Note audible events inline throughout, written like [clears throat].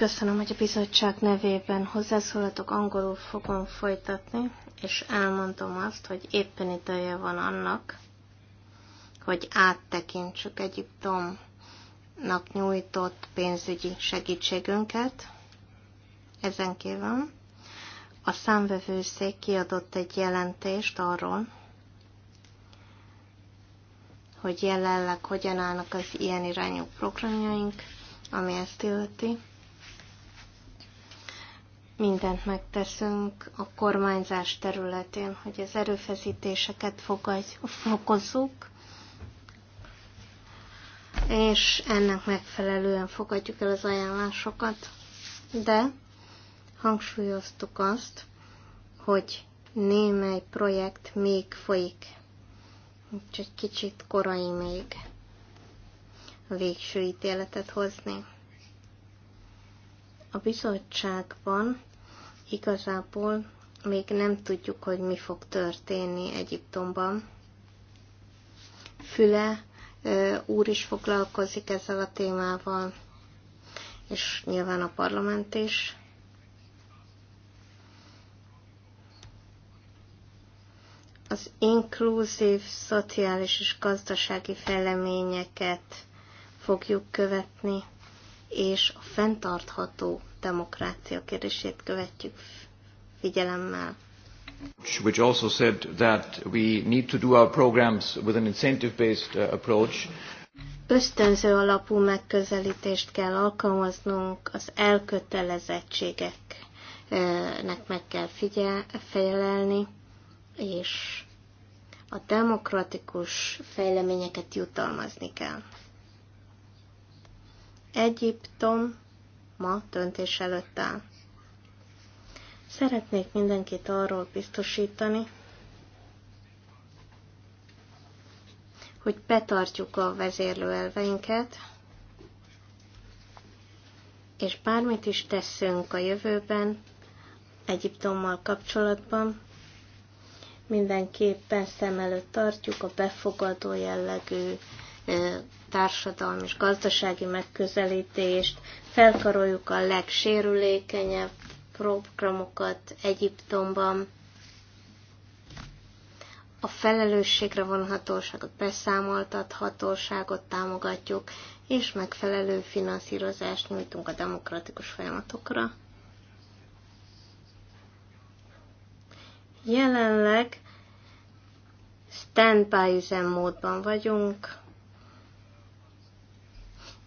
köszönöm, hogy a bizottság nevében hozzászólatok, angolul fogom folytatni, és elmondom azt, hogy éppen ideje van annak, hogy áttekintsük Egyiptomnak nyújtott pénzügyi segítségünket. Ezen kívül a számvevőszék kiadott egy jelentést arról, hogy jelenleg hogyan állnak az ilyen irányú programjaink, ami ezt illeti mindent megteszünk a kormányzás területén, hogy az erőfeszítéseket fokozzuk, és ennek megfelelően fogadjuk el az ajánlásokat. De hangsúlyoztuk azt, hogy némely projekt még folyik, úgyhogy kicsit korai még a végső ítéletet hozni. A bizottságban Igazából még nem tudjuk, hogy mi fog történni Egyiptomban. Füle úr is foglalkozik ezzel a témával, és nyilván a parlament is. Az inkluzív szociális és gazdasági fejleményeket fogjuk követni, és a fenntartható demokrácia kérdését követjük figyelemmel. Which also said that we need to do our programs with an incentive-based uh, approach. Ösztönző alapú megközelítést kell alkalmaznunk, az elkötelezettségeknek meg kell figyelni, és a demokratikus fejleményeket jutalmazni kell. Egyiptom ma döntés előtt áll. Szeretnék mindenkit arról biztosítani, hogy betartjuk a vezérlő elveinket, és bármit is teszünk a jövőben, Egyiptommal kapcsolatban, mindenképpen szem előtt tartjuk a befogadó jellegű társadalmi és gazdasági megközelítést, felkaroljuk a legsérülékenyebb programokat Egyiptomban, a felelősségre vonhatóságot, beszámoltathatóságot támogatjuk, és megfelelő finanszírozást nyújtunk a demokratikus folyamatokra. Jelenleg standby üzemmódban vagyunk,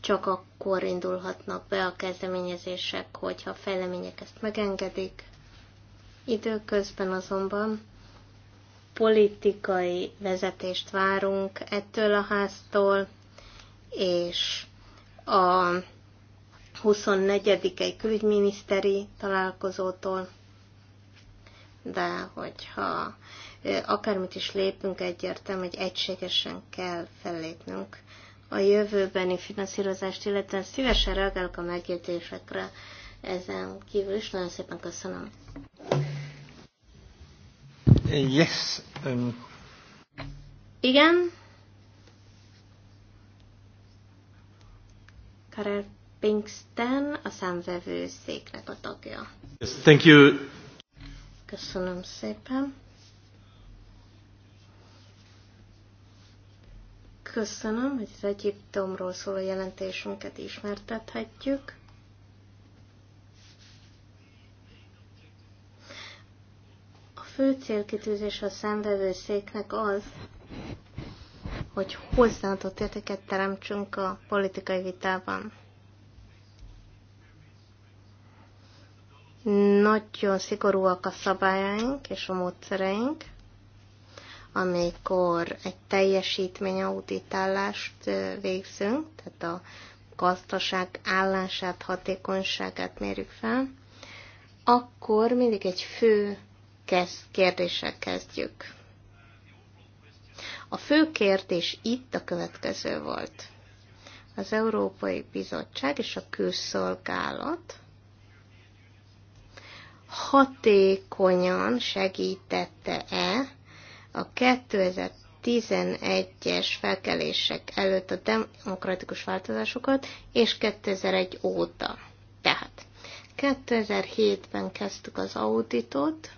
csak akkor indulhatnak be a kezdeményezések, hogyha a fejlemények ezt megengedik. Időközben azonban politikai vezetést várunk ettől a háztól, és a 24. külügyminiszteri találkozótól, de hogyha akármit is lépünk, egyértelmű, hogy egységesen kell fellépnünk a jövőbeni finanszírozást, illetve szívesen reagálok a megjegyzésekre ezen kívül is. Nagyon szépen köszönöm. Yes. Um... Igen. Karel Pinkston, a számvevő széknek a tagja. Yes, thank you. Köszönöm szépen. Köszönöm, hogy az Egyiptomról szóló jelentésünket ismertethetjük. A fő célkitűzés a széknek az, hogy hozzáadott értéket teremtsünk a politikai vitában. Nagyon szigorúak a szabályaink és a módszereink amikor egy teljesítményauditálást végzünk, tehát a gazdaság állását, hatékonyságát mérjük fel, akkor mindig egy fő kérdéssel kezdjük. A fő kérdés itt a következő volt. Az Európai Bizottság és a Külszolgálat hatékonyan segítette-e a 2011-es felkelések előtt a demokratikus változásokat, és 2001 óta. Tehát 2007-ben kezdtük az auditot,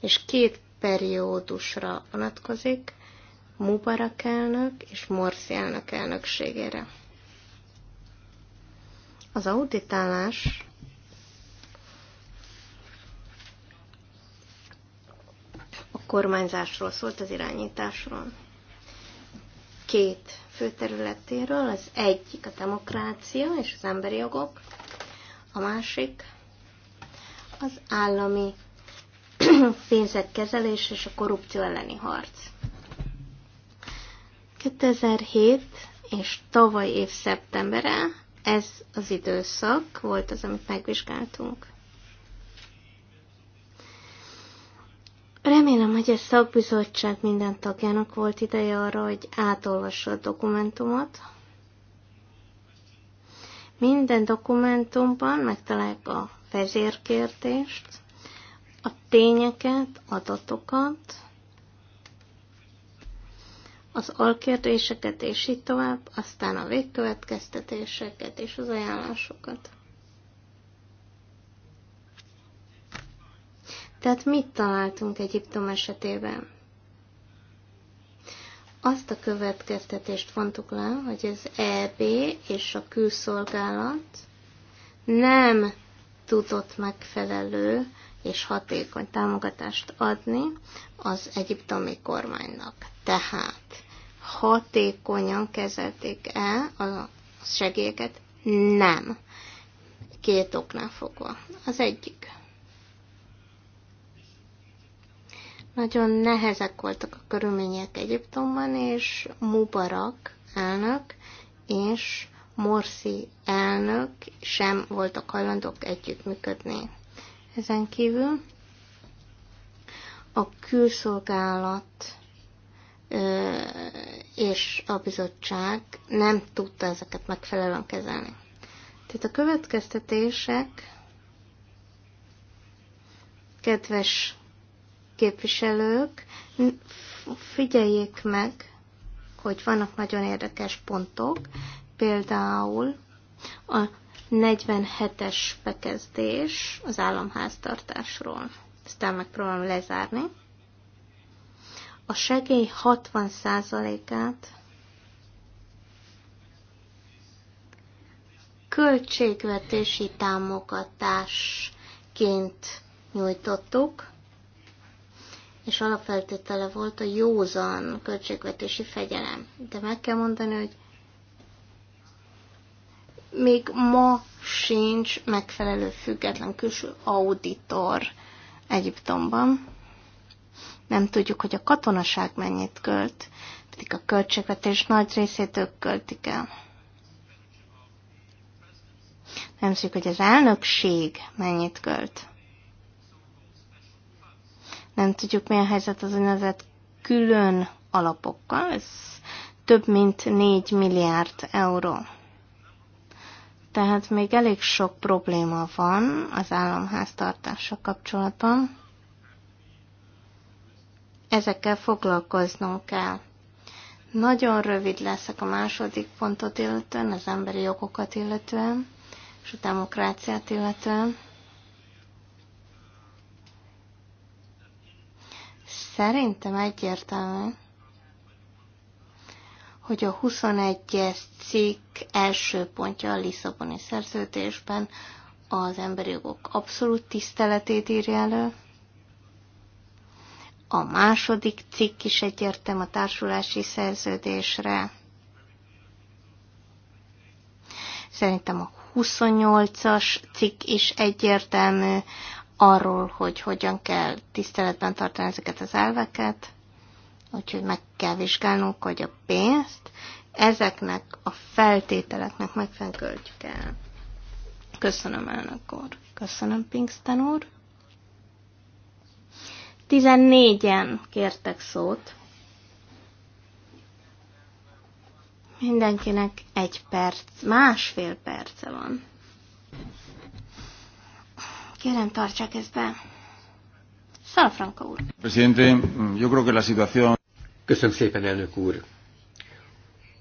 és két periódusra vonatkozik, Mubarak elnök és Morsi elnök elnökségére. Az auditálás kormányzásról szólt, az irányításról. Két fő területéről, az egyik a demokrácia és az emberi jogok, a másik az állami [clears throat] pénzek kezelés és a korrupció elleni harc. 2007 és tavaly év szeptembere ez az időszak volt az, amit megvizsgáltunk. Remélem, hogy a szakbizottság minden tagjának volt ideje arra, hogy átolvassa a dokumentumot. Minden dokumentumban megtalálják a vezérkértést, a tényeket, adatokat, az alkérdéseket és így tovább, aztán a végkövetkeztetéseket és az ajánlásokat. Tehát mit találtunk Egyiptom esetében? Azt a következtetést vontuk le, hogy az EB és a külszolgálat nem tudott megfelelő és hatékony támogatást adni az egyiptomi kormánynak. Tehát hatékonyan kezelték e a segélyeket? Nem. Két oknál fogva. Az egyik. Nagyon nehezek voltak a körülmények Egyiptomban, és Mubarak elnök és Morsi elnök sem voltak hajlandók együttműködni. Ezen kívül a külszolgálat és a bizottság nem tudta ezeket megfelelően kezelni. Tehát a következtetések, kedves képviselők, figyeljék meg, hogy vannak nagyon érdekes pontok, például a 47-es bekezdés az államháztartásról. el megpróbálom lezárni. A segély 60%-át költségvetési támogatásként nyújtottuk, és alapfeltétele volt a józan költségvetési fegyelem. De meg kell mondani, hogy még ma sincs megfelelő független külső auditor Egyiptomban. Nem tudjuk, hogy a katonaság mennyit költ, pedig a költségvetés nagy részét ők költik el. Nem tudjuk, hogy az elnökség mennyit költ nem tudjuk, milyen helyzet az úgynevezett külön alapokkal, ez több mint 4 milliárd euró. Tehát még elég sok probléma van az államháztartása kapcsolatban. Ezekkel foglalkoznunk kell. Nagyon rövid leszek a második pontot illetően, az emberi jogokat illetően, és a demokráciát illetően. Szerintem egyértelmű, hogy a 21-es cikk első pontja a Lisszaboni szerződésben az emberi jogok abszolút tiszteletét írja elő. A második cikk is egyértelmű a társulási szerződésre. Szerintem a 28-as cikk is egyértelmű arról, hogy hogyan kell tiszteletben tartani ezeket az elveket, úgyhogy meg kell vizsgálnunk, hogy a pénzt ezeknek a feltételeknek megfelelően költjük el. Köszönöm, elnök úr. Köszönöm, Pinkston úr. 14-en kértek szót. Mindenkinek egy perc, másfél perce van. Kérem, tartsák ezt be. Szalafranka úr. Presidente, yo creo que la situación... Köszönöm szépen, elnök úr.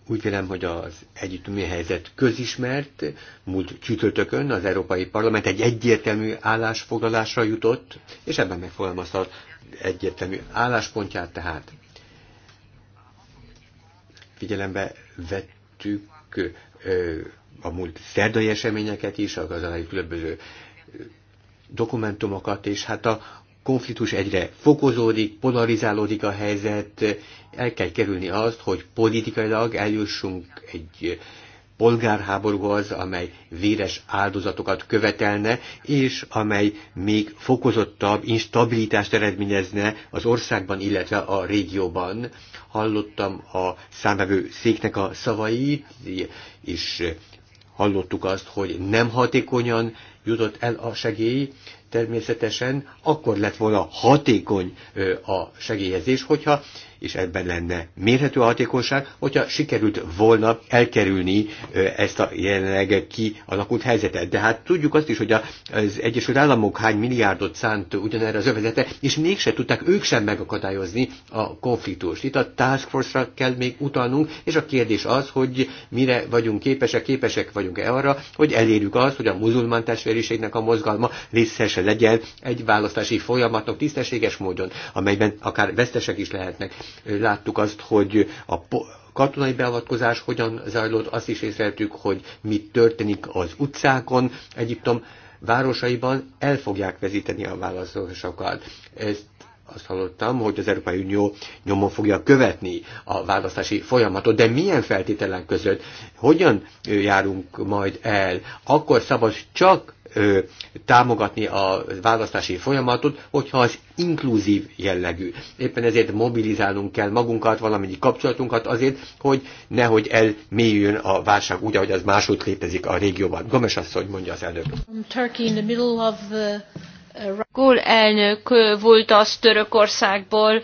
Úgy vélem, hogy az együttmű helyzet közismert. Múlt csütörtökön az Európai Parlament egy egyértelmű állásfoglalásra jutott, és ebben megfogalmazta egyértelmű álláspontját tehát. Figyelembe vettük a múlt szerdai eseményeket is, az különböző dokumentumokat, és hát a konfliktus egyre fokozódik, polarizálódik a helyzet, el kell kerülni azt, hogy politikailag eljussunk egy polgárháborúhoz, amely véres áldozatokat követelne, és amely még fokozottabb instabilitást eredményezne az országban, illetve a régióban. Hallottam a számvevő széknek a szavait, és hallottuk azt, hogy nem hatékonyan jutott el a segély, természetesen akkor lett volna hatékony a segélyezés, hogyha és ebben lenne mérhető hatékonyság, hogyha sikerült volna elkerülni ezt a jelenleg kialakult helyzetet. De hát tudjuk azt is, hogy az Egyesült Államok hány milliárdot szánt ugyanerre az övezete, és mégse tudták ők sem megakadályozni a konfliktust. Itt a Task Force-ra kell még utalnunk, és a kérdés az, hogy mire vagyunk képesek, képesek vagyunk-e arra, hogy elérjük azt, hogy a muzulmán testvériségnek a mozgalma részese legyen egy választási folyamatnak tisztességes módon, amelyben akár vesztesek is lehetnek láttuk azt, hogy a katonai beavatkozás hogyan zajlott, azt is észreltük, hogy mi történik az utcákon Egyiptom városaiban, el fogják vezíteni a választásokat. Ezt azt hallottam, hogy az Európai Unió nyomon fogja követni a választási folyamatot, de milyen feltételen között, hogyan járunk majd el, akkor szabad csak ö, támogatni a választási folyamatot, hogyha az inkluzív jellegű. Éppen ezért mobilizálnunk kell magunkat, valamennyi kapcsolatunkat azért, hogy nehogy elmélyüljön a válság úgy, ahogy az máshogy létezik a régióban. Gomes asszony mondja az előbb. Turkey in the middle of the uh, Gól elnök volt az Törökországból,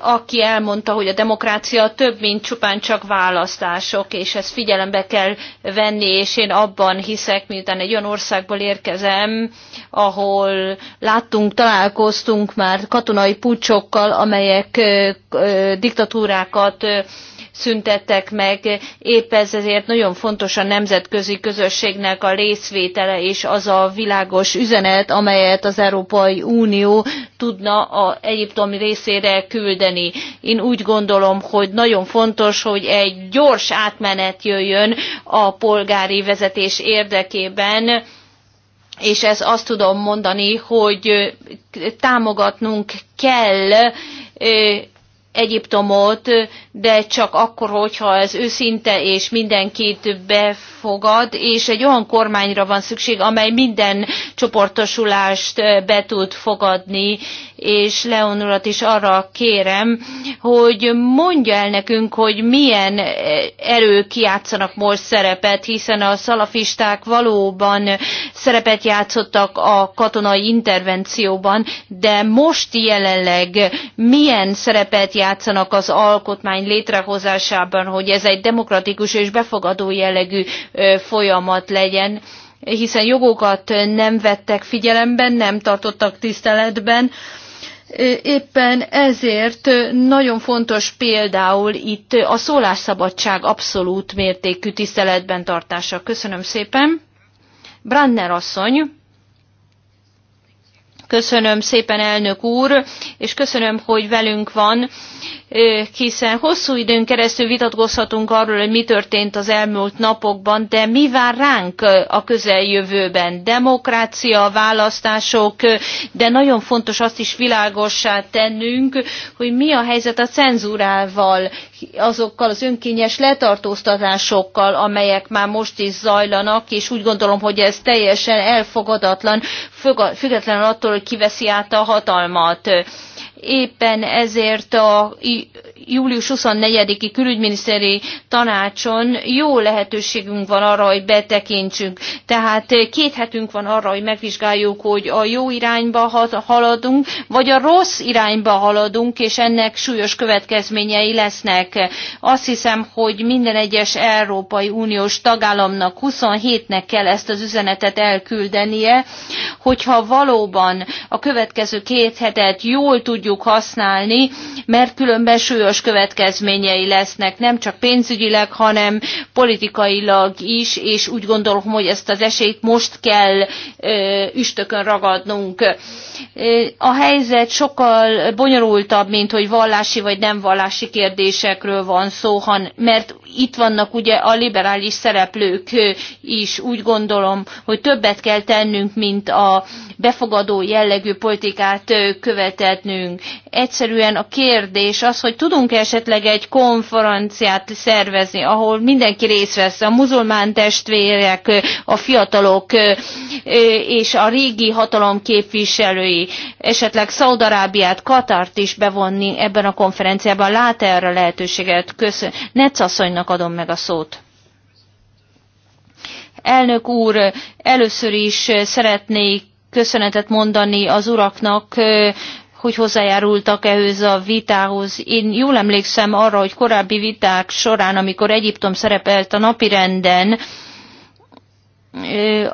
aki elmondta, hogy a demokrácia több, mint csupán csak választások, és ezt figyelembe kell venni, és én abban hiszek, miután egy olyan országból érkezem, ahol láttunk, találkoztunk már katonai pucsokkal, amelyek diktatúrákat szüntettek meg. Épp ezért nagyon fontos a nemzetközi közösségnek a részvétele és az a világos üzenet, amelyet az Európai Unió tudna a Egyiptom részére küldeni. Én úgy gondolom, hogy nagyon fontos, hogy egy gyors átmenet jöjjön a polgári vezetés érdekében, és ez azt tudom mondani, hogy támogatnunk kell Egyiptomot, de csak akkor, hogyha ez őszinte és mindenkit befogad, és egy olyan kormányra van szükség, amely minden csoportosulást be tud fogadni, és Leon urat is arra kérem, hogy mondja el nekünk, hogy milyen erők játszanak most szerepet, hiszen a szalafisták valóban szerepet játszottak a katonai intervencióban, de most jelenleg milyen szerepet játszanak az alkotmány létrehozásában, hogy ez egy demokratikus és befogadó jellegű folyamat legyen hiszen jogokat nem vettek figyelembe, nem tartottak tiszteletben. Éppen ezért nagyon fontos például itt a szólásszabadság abszolút mértékű tiszteletben tartása. Köszönöm szépen! Branner asszony, Köszönöm szépen, elnök úr, és köszönöm, hogy velünk van hiszen hosszú időn keresztül vitatkozhatunk arról, hogy mi történt az elmúlt napokban, de mi vár ránk a közeljövőben? Demokrácia, választások, de nagyon fontos azt is világossá tennünk, hogy mi a helyzet a cenzúrával, azokkal az önkényes letartóztatásokkal, amelyek már most is zajlanak, és úgy gondolom, hogy ez teljesen elfogadatlan, függetlenül attól, hogy kiveszi át a hatalmat Éppen ezért a július 24-i külügyminiszteri tanácson jó lehetőségünk van arra, hogy betekintsünk. Tehát eh, két hetünk van arra, hogy megvizsgáljuk, hogy a jó irányba haladunk, vagy a rossz irányba haladunk, és ennek súlyos következményei lesznek. Azt hiszem, hogy minden egyes Európai Uniós tagállamnak 27-nek kell ezt az üzenetet elküldenie, hogyha valóban a következő két hetet jól tudjuk használni, mert különben súlyos súlyos következményei lesznek, nem csak pénzügyileg, hanem politikailag is, és úgy gondolom, hogy ezt az esélyt most kell üstökön ragadnunk. A helyzet sokkal bonyolultabb, mint hogy vallási vagy nem vallási kérdésekről van szó, han, mert itt vannak ugye a liberális szereplők is, úgy gondolom, hogy többet kell tennünk, mint a befogadó jellegű politikát követetnünk. Egyszerűen a kérdés az, hogy tudunk -e esetleg egy konferenciát szervezni, ahol mindenki részt vesz, a muzulmán testvérek, a fiatalok és a régi hatalom képviselői, esetleg Szaudarábiát, Katart is bevonni ebben a konferenciában. Lát -e erre lehetőséget? Köszön. Netsz asszonynak kollégának adom meg a szót. Elnök úr, először is szeretnék köszönetet mondani az uraknak, hogy hozzájárultak ehhez a vitához. Én jól emlékszem arra, hogy korábbi viták során, amikor Egyiptom szerepelt a napirenden,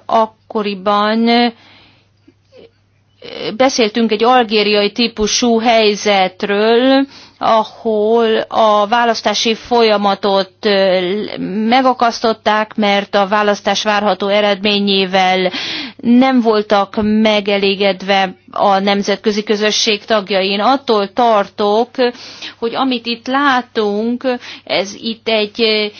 akkoriban beszéltünk egy algériai típusú helyzetről, ahol a választási folyamatot megakasztották, mert a választás várható eredményével nem voltak megelégedve a nemzetközi közösség tagjain. Attól tartok, hogy amit itt látunk, ez itt egy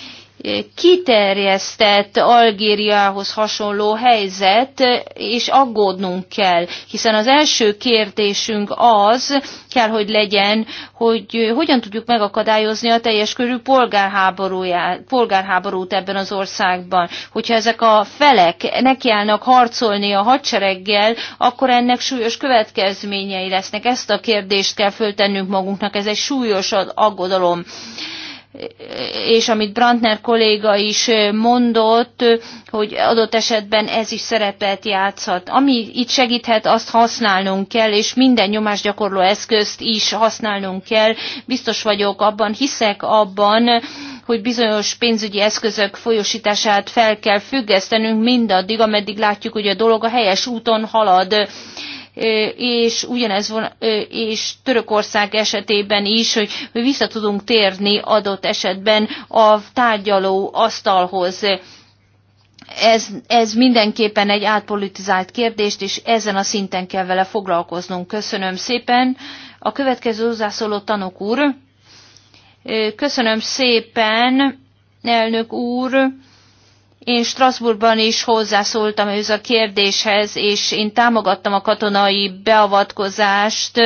kiterjesztett Algériához hasonló helyzet, és aggódnunk kell, hiszen az első kérdésünk az kell, hogy legyen, hogy hogyan tudjuk megakadályozni a teljes körű polgárháborút ebben az országban. Hogyha ezek a felek nekiállnak harcolni a hadsereggel, akkor ennek súlyos következményei lesznek. Ezt a kérdést kell föltennünk magunknak, ez egy súlyos aggodalom és amit Brandner kolléga is mondott, hogy adott esetben ez is szerepet játszhat. Ami itt segíthet, azt használnunk kell, és minden nyomásgyakorló eszközt is használnunk kell. Biztos vagyok abban, hiszek abban, hogy bizonyos pénzügyi eszközök folyosítását fel kell függesztenünk mindaddig, ameddig látjuk, hogy a dolog a helyes úton halad és ugyanez von, és Törökország esetében is, hogy vissza tudunk térni adott esetben a tárgyaló asztalhoz ez, ez mindenképpen egy átpolitizált kérdést, és ezen a szinten kell vele foglalkoznunk. Köszönöm szépen. A következő hozzászóló tanok úr. Köszönöm szépen, elnök úr. Én Strasbourgban is hozzászóltam ez a kérdéshez, és én támogattam a katonai beavatkozást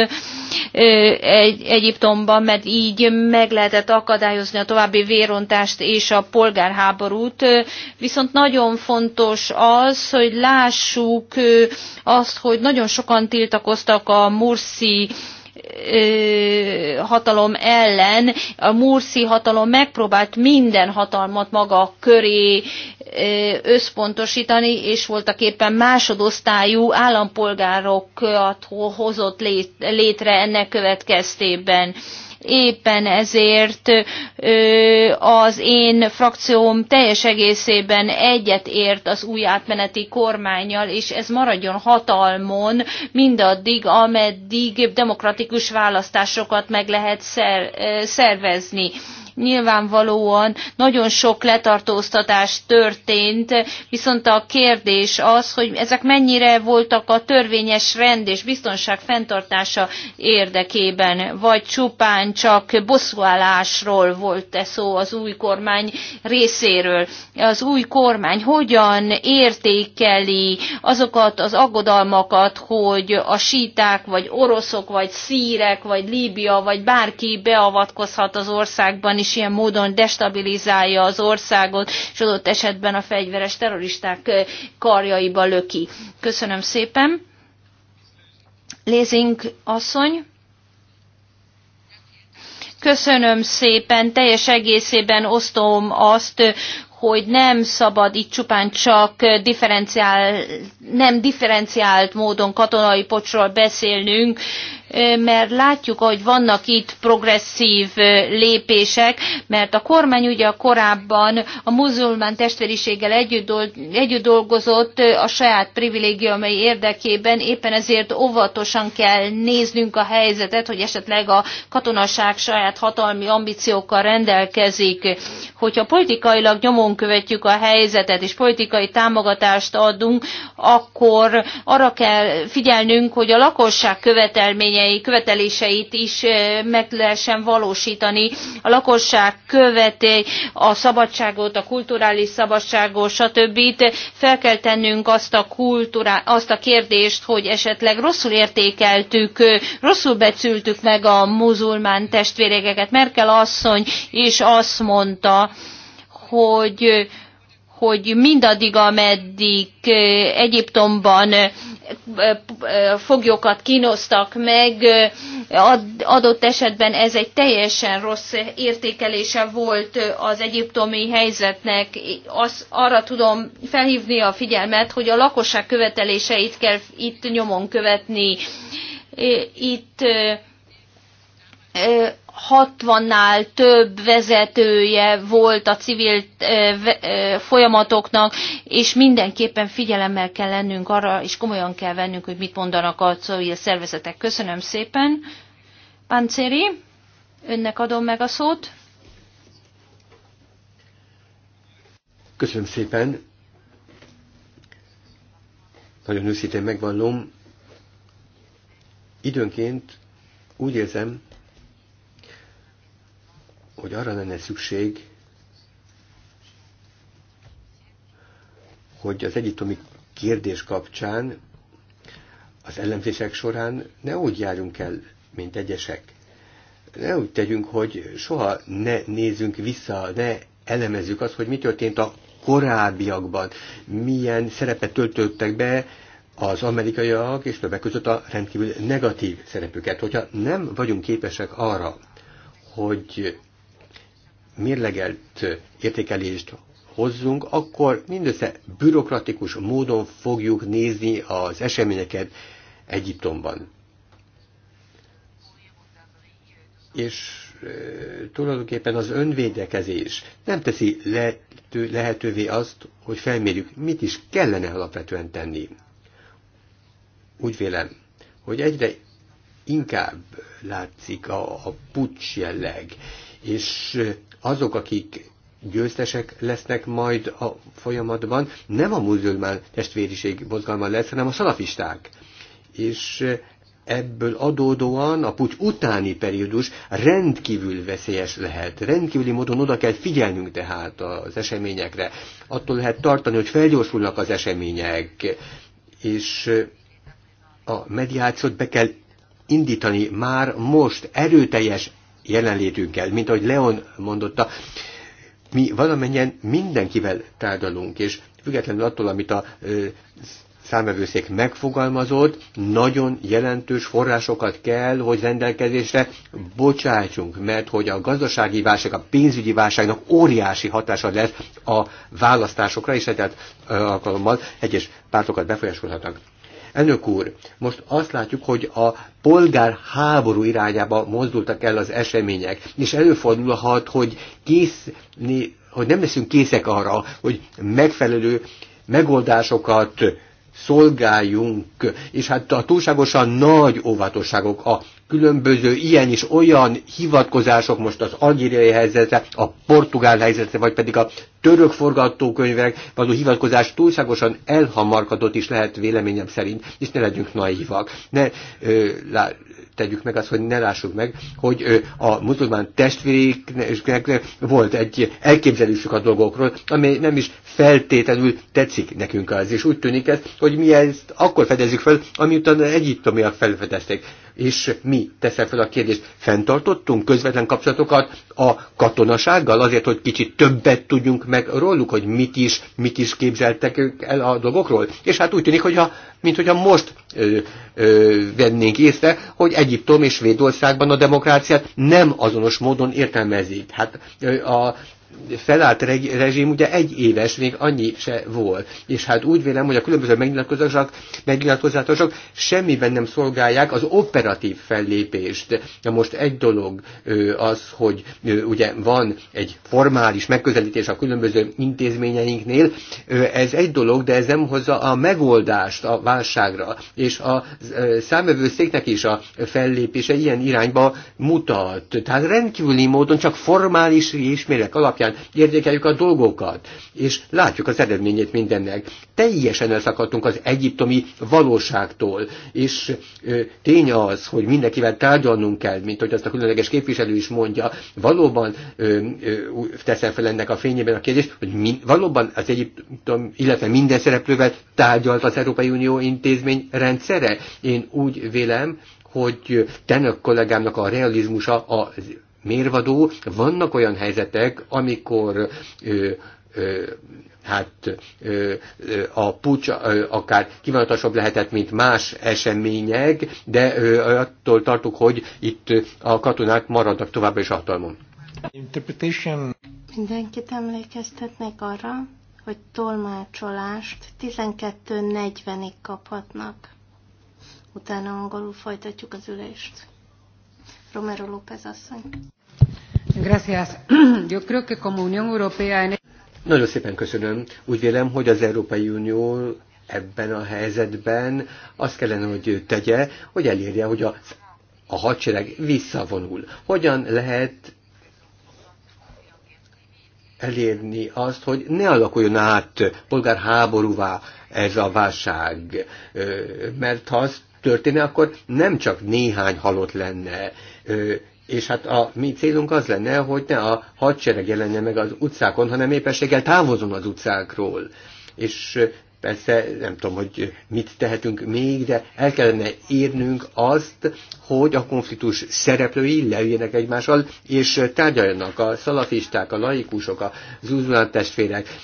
egy, Egyiptomban, mert így meg lehetett akadályozni a további vérontást és a polgárháborút. Viszont nagyon fontos az, hogy lássuk azt, hogy nagyon sokan tiltakoztak a Mursi hatalom ellen, a Mursi hatalom megpróbált minden hatalmat maga köré összpontosítani, és voltak éppen másodosztályú állampolgárokat hozott létre ennek következtében. Éppen ezért az én frakcióm teljes egészében egyetért az új átmeneti kormányjal, és ez maradjon hatalmon mindaddig, ameddig demokratikus választásokat meg lehet szervezni Nyilvánvalóan nagyon sok letartóztatás történt, viszont a kérdés az, hogy ezek mennyire voltak a törvényes rend és biztonság fenntartása érdekében, vagy csupán csak bosszúállásról volt-e szó az új kormány részéről. Az új kormány hogyan értékeli azokat az aggodalmakat, hogy a síták, vagy oroszok, vagy szírek, vagy Líbia, vagy bárki beavatkozhat az országban, is ilyen módon destabilizálja az országot, és adott esetben a fegyveres terroristák karjaiba löki. Köszönöm szépen. Lézink asszony. Köszönöm szépen, teljes egészében osztom azt, hogy nem szabad itt csupán csak differenciál, nem differenciált módon katonai pocsról beszélnünk, mert látjuk, hogy vannak itt progresszív lépések, mert a kormány ugye a korábban a muzulmán testvériséggel együtt, együtt dolgozott a saját privilégiumai érdekében, éppen ezért óvatosan kell néznünk a helyzetet, hogy esetleg a katonaság saját hatalmi ambíciókkal rendelkezik. Hogyha politikailag nyomon követjük a helyzetet, és politikai támogatást adunk, akkor arra kell figyelnünk, hogy a lakosság követelménye követelményei, követeléseit is meg lehessen valósítani. A lakosság követi a szabadságot, a kulturális szabadságot, stb. Fel kell tennünk azt a, kultúrá, azt a kérdést, hogy esetleg rosszul értékeltük, rosszul becsültük meg a muzulmán testvéregeket. Merkel asszony is azt mondta, hogy hogy mindaddig, ameddig Egyiptomban foglyokat kínoztak meg, adott esetben ez egy teljesen rossz értékelése volt az egyiptomi helyzetnek. Az, arra tudom felhívni a figyelmet, hogy a lakosság követeléseit kell itt nyomon követni. Itt 60-nál több vezetője volt a civil eh, eh, folyamatoknak, és mindenképpen figyelemmel kell lennünk arra, és komolyan kell vennünk, hogy mit mondanak a civil szervezetek. Köszönöm szépen. Pancéri, önnek adom meg a szót. Köszönöm szépen. Nagyon őszintén megvallom. Időnként úgy érzem, hogy arra lenne szükség, hogy az egyiptomi kérdés kapcsán az ellenzések során ne úgy járjunk el, mint egyesek. Ne úgy tegyünk, hogy soha ne nézzünk vissza, ne elemezzük azt, hogy mi történt a korábbiakban, milyen szerepet töltöttek be az amerikaiak, és többek között a rendkívül negatív szerepüket. Hogyha nem vagyunk képesek arra, hogy mérlegelt értékelést hozzunk, akkor mindössze bürokratikus módon fogjuk nézni az eseményeket Egyiptomban. És e, tulajdonképpen az önvédekezés nem teszi lehető, lehetővé azt, hogy felmérjük, mit is kellene alapvetően tenni. Úgy vélem, hogy egyre inkább látszik a, a pucs jelleg, és azok, akik győztesek lesznek majd a folyamatban, nem a muzulmán testvériség mozgalma lesz, hanem a szalafisták. És ebből adódóan a puty utáni periódus rendkívül veszélyes lehet. Rendkívüli módon oda kell figyelnünk tehát az eseményekre. Attól lehet tartani, hogy felgyorsulnak az események, és a mediációt be kell indítani már most erőteljes jelenlétünkkel, mint ahogy Leon mondotta, mi valamennyien mindenkivel tárgyalunk, és függetlenül attól, amit a számvevőszék megfogalmazott, nagyon jelentős forrásokat kell, hogy rendelkezésre bocsájtsunk, mert hogy a gazdasági válság, a pénzügyi válságnak óriási hatása lesz a választásokra, és tehát alkalommal egyes pártokat befolyásolhatnak. Elnök úr, most azt látjuk, hogy a polgárháború irányába mozdultak el az események, és előfordulhat, hogy, kész, hogy nem leszünk készek arra, hogy megfelelő megoldásokat szolgáljunk, és hát a túlságosan nagy óvatosságok a különböző ilyen és olyan hivatkozások most az algériai helyzetre, a portugál helyzetre, vagy pedig a török forgatókönyvek való hivatkozás túlságosan elhamarkadott is lehet véleményem szerint, és ne legyünk naivak. Ne ö, lá, tegyük meg azt, hogy ne lássuk meg, hogy ö, a muzulmán testvéreknek volt egy elképzelésük a dolgokról, ami nem is feltétlenül tetszik nekünk az, és úgy tűnik ez, hogy mi ezt akkor fedezzük fel, amiután egyiptomiak felfedezték és mi teszem fel a kérdést, fenntartottunk közvetlen kapcsolatokat a katonasággal azért, hogy kicsit többet tudjunk meg róluk, hogy mit is, mit is képzeltek el a dolgokról. És hát úgy tűnik, hogyha, mint hogyha most ö, ö, vennénk észre, hogy Egyiptom és Védországban a demokráciát nem azonos módon értelmezik. Hát ö, a felállt rezsim ugye egy éves, még annyi se volt. És hát úgy vélem, hogy a különböző megnyilatkozások, megnyilatkozások semmiben nem szolgálják az operatív fellépést. Na most egy dolog az, hogy ugye van egy formális megközelítés a különböző intézményeinknél, ez egy dolog, de ez nem hozza a megoldást a válságra. És a számövőszéknek is a fellépése ilyen irányba mutat. Tehát rendkívüli módon csak formális ismérek alapján alapján értékeljük a dolgokat, és látjuk az eredményét mindennek. Teljesen elszakadtunk az egyiptomi valóságtól, és ö, tény az, hogy mindenkivel tárgyalnunk kell, mint hogy azt a különleges képviselő is mondja, valóban ö, ö, teszem fel ennek a fényében a kérdést, hogy mi, valóban az egyiptom, illetve minden szereplővel tárgyalt az Európai Unió intézmény rendszere. Én úgy vélem, hogy Tenök kollégámnak a realizmusa az mérvadó. Vannak olyan helyzetek, amikor ö, ö, hát ö, ö, a pucs ö, akár kivonatosabb lehetett, mint más események, de ö, attól tartok, hogy itt a katonák maradnak továbbra is hatalmon. Interpretation. Mindenkit emlékeztetnek arra, hogy tolmácsolást 12.40-ig kaphatnak. Utána angolul folytatjuk az ülést. Romero López asszony. Gracias. Yo creo que como Unión Europea... Nagyon szépen köszönöm. Úgy vélem, hogy az Európai Unió ebben a helyzetben azt kellene, hogy ő tegye, hogy elérje, hogy a, a hadsereg visszavonul. Hogyan lehet elérni azt, hogy ne alakuljon át polgárháborúvá ez a válság, mert ha az történne, akkor nem csak néhány halott lenne, és hát a mi célunk az lenne, hogy ne a hadsereg jelenje meg az utcákon, hanem éppenséggel távozon az utcákról. És persze nem tudom, hogy mit tehetünk még, de el kellene érnünk azt, hogy a konfliktus szereplői leüljenek egymással, és tárgyaljanak a szalafisták, a laikusok, a zúzulán testvérek.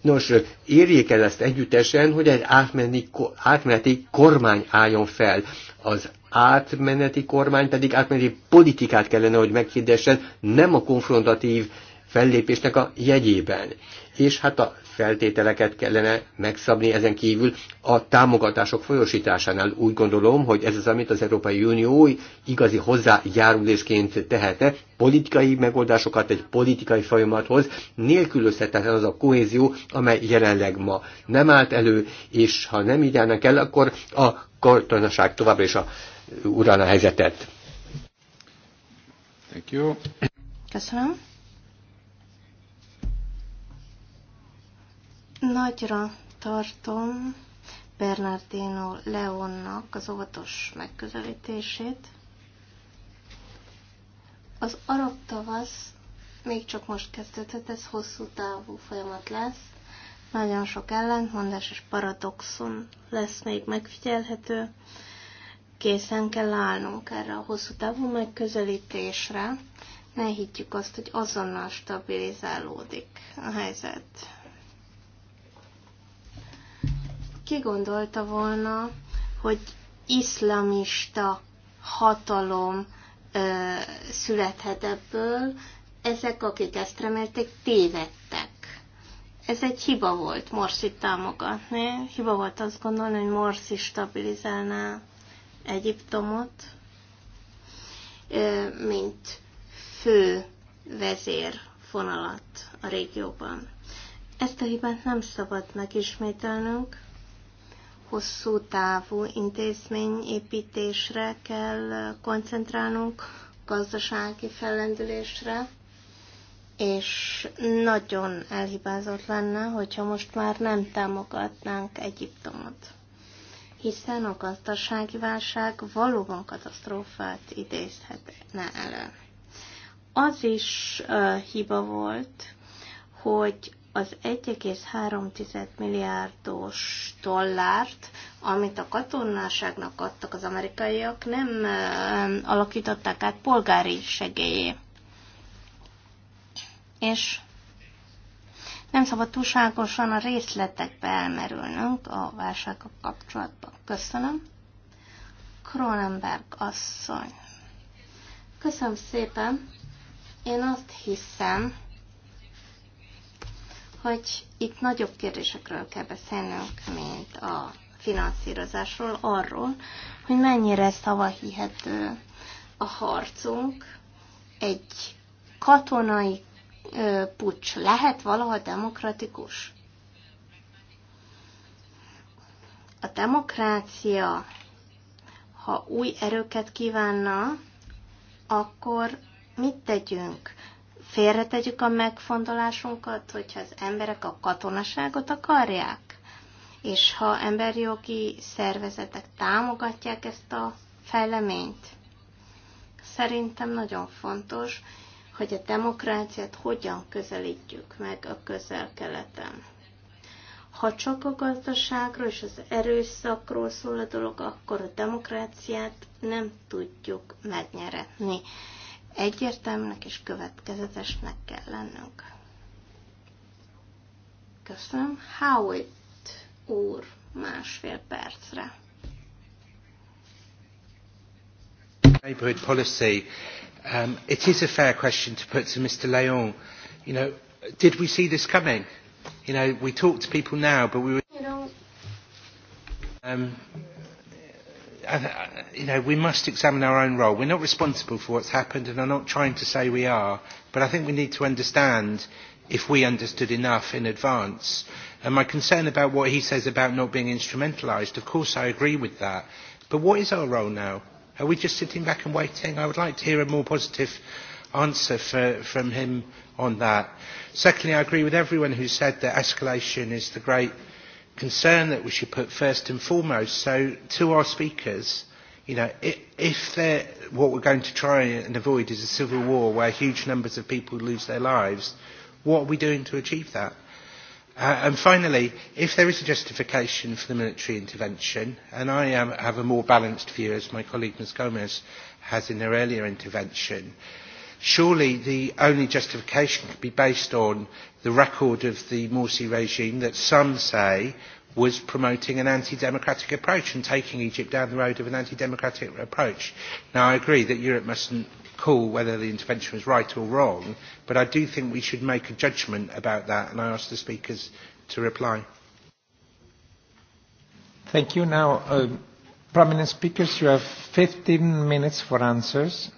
Nos, érjék el ezt együttesen, hogy egy átmeneti, átmeneti kormány álljon fel az átmeneti kormány pedig átmeneti politikát kellene, hogy meghirdessen, nem a konfrontatív fellépésnek a jegyében. És hát a feltételeket kellene megszabni ezen kívül a támogatások folyosításánál. Úgy gondolom, hogy ez az, amit az Európai Unió igazi hozzájárulésként tehete, eh? politikai megoldásokat egy politikai folyamathoz, nélkülözhetetlen az a kohézió, amely jelenleg ma nem állt elő, és ha nem így állnak el, akkor a katonaság továbbra is a uralna helyzetet. Thank you. Köszönöm. Nagyra tartom Bernardino Leonnak az óvatos megközelítését. Az arab tavasz még csak most kezdődhet, ez hosszú távú folyamat lesz. Nagyon sok ellentmondás és paradoxon lesz még megfigyelhető. Készen kell állnunk erre a hosszú távú megközelítésre. Ne higgyük azt, hogy azonnal stabilizálódik a helyzet. Ki gondolta volna, hogy iszlamista hatalom ö, születhet ebből, ezek, akik ezt remélték, tévedtek. Ez egy hiba volt Morsi támogatni. Hiba volt azt gondolni, hogy Morsi stabilizálná Egyiptomot, mint fő vezér fonalat a régióban. Ezt a hibát nem szabad megismételnünk, hosszú távú intézményépítésre kell koncentrálnunk, gazdasági fellendülésre, és nagyon elhibázott lenne, hogyha most már nem támogatnánk Egyiptomot. Hiszen a gazdasági válság valóban katasztrófát idézhetne elő. Az is uh, hiba volt, hogy az 1,3 milliárdos dollárt, amit a katonáságnak adtak az amerikaiak, nem alakították át polgári segélyé. És nem szabad túlságosan a részletekbe elmerülnünk a válságok kapcsolatban. Köszönöm. Kronenberg asszony. Köszönöm szépen. Én azt hiszem, hogy itt nagyobb kérdésekről kell beszélnünk, mint a finanszírozásról, arról, hogy mennyire szavahihető a harcunk. Egy katonai ö, pucs lehet valaha demokratikus? A demokrácia, ha új erőket kívánna, akkor mit tegyünk? félretegyük a megfontolásunkat, hogyha az emberek a katonaságot akarják? És ha emberjogi szervezetek támogatják ezt a fejleményt? Szerintem nagyon fontos, hogy a demokráciát hogyan közelítjük meg a közel-keleten. Ha csak a gazdaságról és az erőszakról szól a dolog, akkor a demokráciát nem tudjuk megnyeretni. Egyértelműnek és következetesnek kell lennünk. Köszönöm. Howitt úr, másfél percre. Neighbourhood policy. Um, it is a fair question to put to Mr. Leon. You know, did we see this coming? You know, we talk to people now, but we were. You know. Um, Uh, you know, we must examine our own role. We're not responsible for what's happened, and I'm not trying to say we are, but I think we need to understand if we understood enough in advance. And my concern about what he says about not being instrumentalised, of course I agree with that. But what is our role now? Are we just sitting back and waiting? I would like to hear a more positive answer for, from him on that. Secondly, I agree with everyone who said that escalation is the great concern that we should put first and foremost. So to our speakers, you know, if what we're going to try and avoid is a civil war where huge numbers of people lose their lives, what are we doing to achieve that? Uh, and finally, if there is a justification for the military intervention, and I um, have a more balanced view, as my colleague Ms Gomez has in her earlier intervention, uh, surely the only justification could be based on the record of the Morsi regime that some say was promoting an anti-democratic approach and taking Egypt down the road of an anti-democratic approach. Now, I agree that Europe mustn't call whether the intervention was right or wrong, but I do think we should make a judgment about that, and I ask the speakers to reply. Thank you. Now, uh, prominent speakers, you have 15 minutes for answers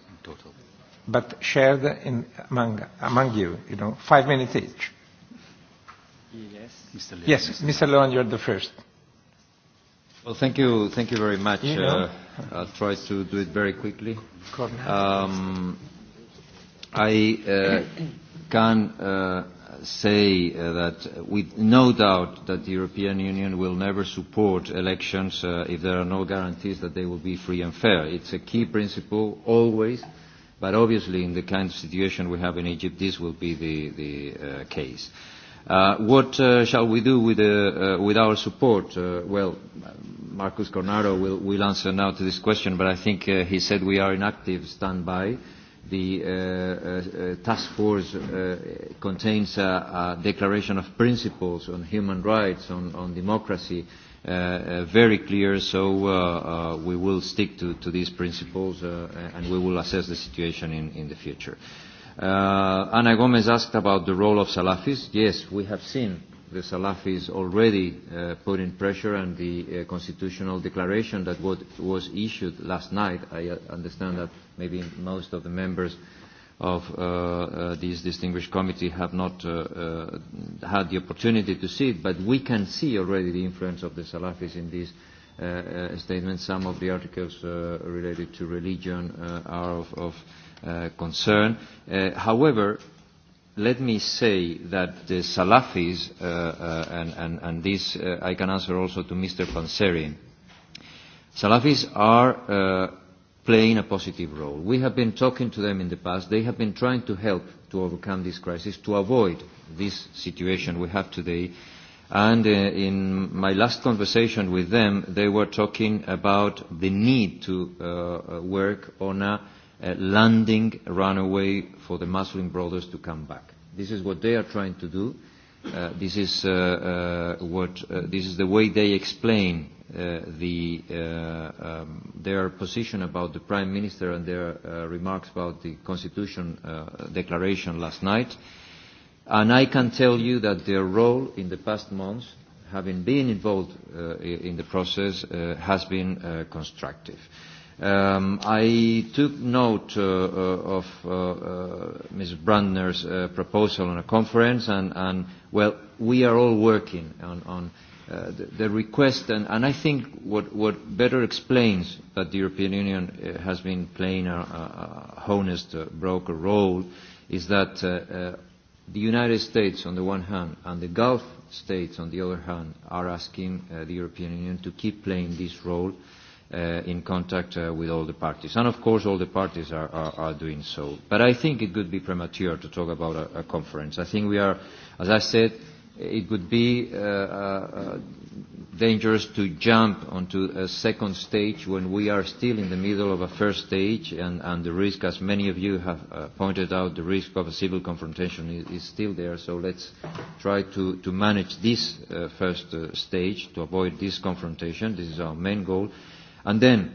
but shared in, among, among you, you know, five minutes each. Yes, Mr. Leon, yes, Mr. Leon you're the first. Well, thank you, thank you very much. You uh, know? uh, I'll try to do it very quickly. Um, I uh, can uh, say uh, that with no doubt that the European Union will never support elections uh, if there are no guarantees that they will be free and fair. It's a key principle always But obviously, in the kind of situation we have in Egypt, this will be the, the uh, case. Uh, what uh, shall we do with, uh, uh, with our support? Uh, well, Marcus Cornaro will, will answer now to this question, but I think uh, he said we are in active standby. The uh, uh, uh task force uh, contains a, a declaration of principles on human rights, on, on democracy, uh, Uh, uh, very clear, so uh, uh, we will stick to, to these principles uh, and we will assess the situation in, in the future. Uh, Ana Gomez asked about the role of Salafis. Yes, we have seen the Salafis already uh, put in pressure and the uh, constitutional declaration that what was issued last night, I uh, understand that maybe most of the members uh, of uh, uh, this distinguished committee have not uh, uh, had the opportunity to see it, but we can see already the influence of the Salafis in these uh, uh, statements. Some of the articles uh, related to religion uh, are of, of uh, concern. Uh, however, let me say that the Salafis, uh, uh, and, and, and this uh, I can answer also to Mr. Panserin, Salafis are uh, playing a positive role. We have been talking to them in the past. They have been trying to help to overcome this crisis, to avoid this situation we have today. And uh, in my last conversation with them, they were talking about the need to uh, uh work on a, a landing runaway for the Muslim brothers to come back. This is what they are trying to do. Uh, this is uh, uh, what uh, this is the way they explain uh, the, uh, um, their position about the Prime Minister and their uh, remarks about the Constitution uh, declaration last night. And I can tell you that their role in the past months, having been involved uh, in the process, uh, has been uh, constructive. Um, I took note uh, uh, of uh, uh, Ms. Brandner's uh, proposal on a conference, and, and well, we are all working on, on uh, Uh, the, request, and, and I think what, what better explains that the European Union uh, has been playing a, a, a honest uh, broker role is that uh, uh, the United States on the one hand and the Gulf states on the other hand are asking uh, the European Union to keep playing this role uh, in contact uh, with all the parties. And of course all the parties are, are, are doing so. But I think it could be premature to talk about a, a conference. I think we are, as I said, it would be uh, uh, uh, dangerous to jump onto a second stage when we are still in the middle of a first stage and, and the risk, as many of you have uh, pointed out, the risk of a civil confrontation is, is still there. So let's try to, to manage this uh, first uh, stage to avoid this confrontation. This is our main goal. And then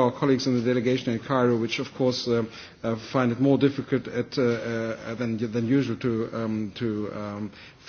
our colleagues in the delegation in Cairo, which of course um, uh, find it more difficult at, uh, uh, than, than usual to, um, to um,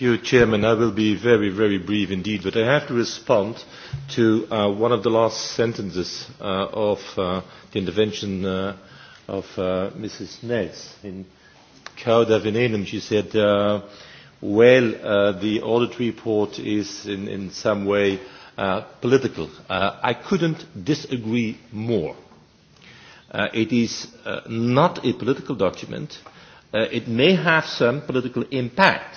you, Chairman. I will be very, very brief indeed, but I have to respond to uh, one of the last sentences uh, of uh, the intervention uh, of uh, Mrs. Nets. In Cauda Venenum, she said, uh, well, uh, the audit report is in, in some way uh, political. Uh, I couldn't disagree more. Uh, it is uh, not a political document. Uh, it may have some political impact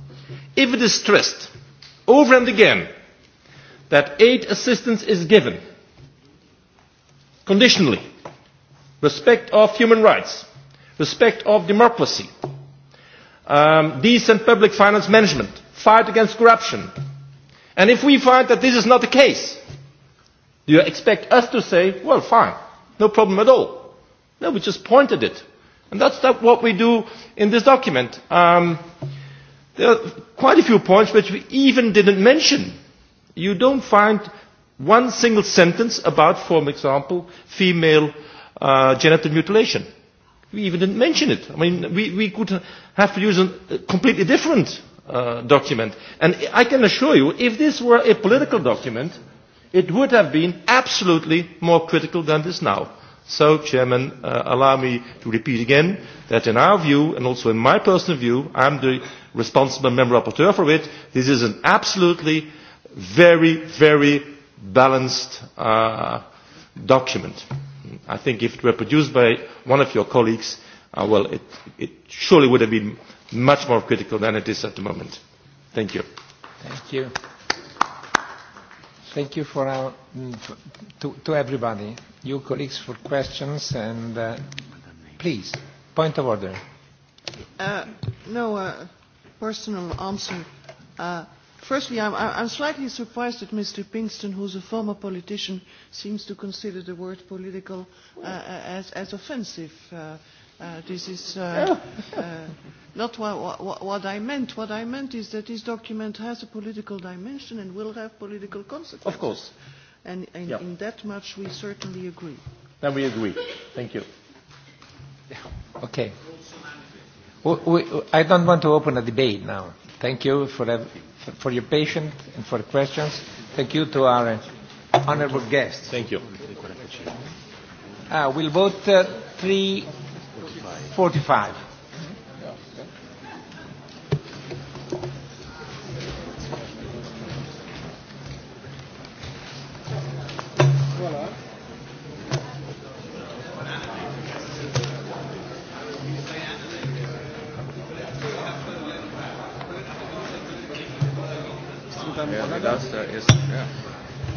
If it is stressed over and again that aid assistance is given conditionally, respect of human rights, respect of democracy, um, decent public finance management, fight against corruption. And if we find that this is not the case, do you expect us to say, well, fine, no problem at all? No, we just pointed it. And that's what we do in this document. Um, There are quite a few points which we even didn't mention. You don't find one single sentence about, for example, female uh, genital mutilation. We even didn't mention it. I mean, we, we could have used a completely different uh, document. And I can assure you, if this were a political document, it would have been absolutely more critical than this now. So, Chairman, uh, allow me to repeat again that in our view, and also in my personal view, I'm the responsible member rapporteur for it, this is an absolutely very, very balanced uh, document. I think if it were produced by one of your colleagues, uh, well, it, it surely would have been much more critical than it is at the moment. Thank you. Thank you. Thank you for uh, mm, our, to, to everybody, you colleagues for questions and uh, please, point of order. Uh, no, uh, personal answer. Uh, firstly, I'm, I'm slightly surprised that Mr. Pinkston, who's a former politician, seems to consider the word political uh, as, as offensive. Uh, Uh, this is uh, [laughs] uh, not what, what, what I meant. What I meant is that this document has a political dimension and will have political consequences. Of course. And, and yeah. in that much we certainly agree. Then we agree. Thank you. Okay. We, we, I don't want to open a debate now. Thank you for, for your patience and for questions. Thank you to our honorable guests. Thank you. Uh, we'll vote uh, three. 45.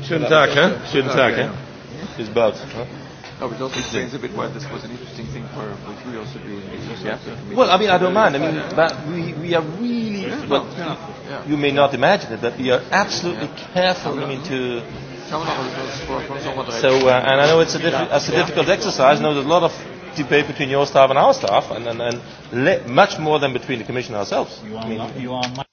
Schönen Tag, hä? Schönen Tag, hä? Bis bald. No, but also explains a bit why this was an interesting thing for, for you also being yeah. Well, I mean, I don't mind. I mean, that we, we are really, yeah, well, no, yeah. you may not imagine it, but we are absolutely yeah. careful, I mean, to... So, uh, and I know it's a, diffi- yeah. it's a difficult yeah. exercise. I know there's a lot of debate between your staff and our staff, and, and, and le- much more than between the Commission ourselves. You are, I mean, you are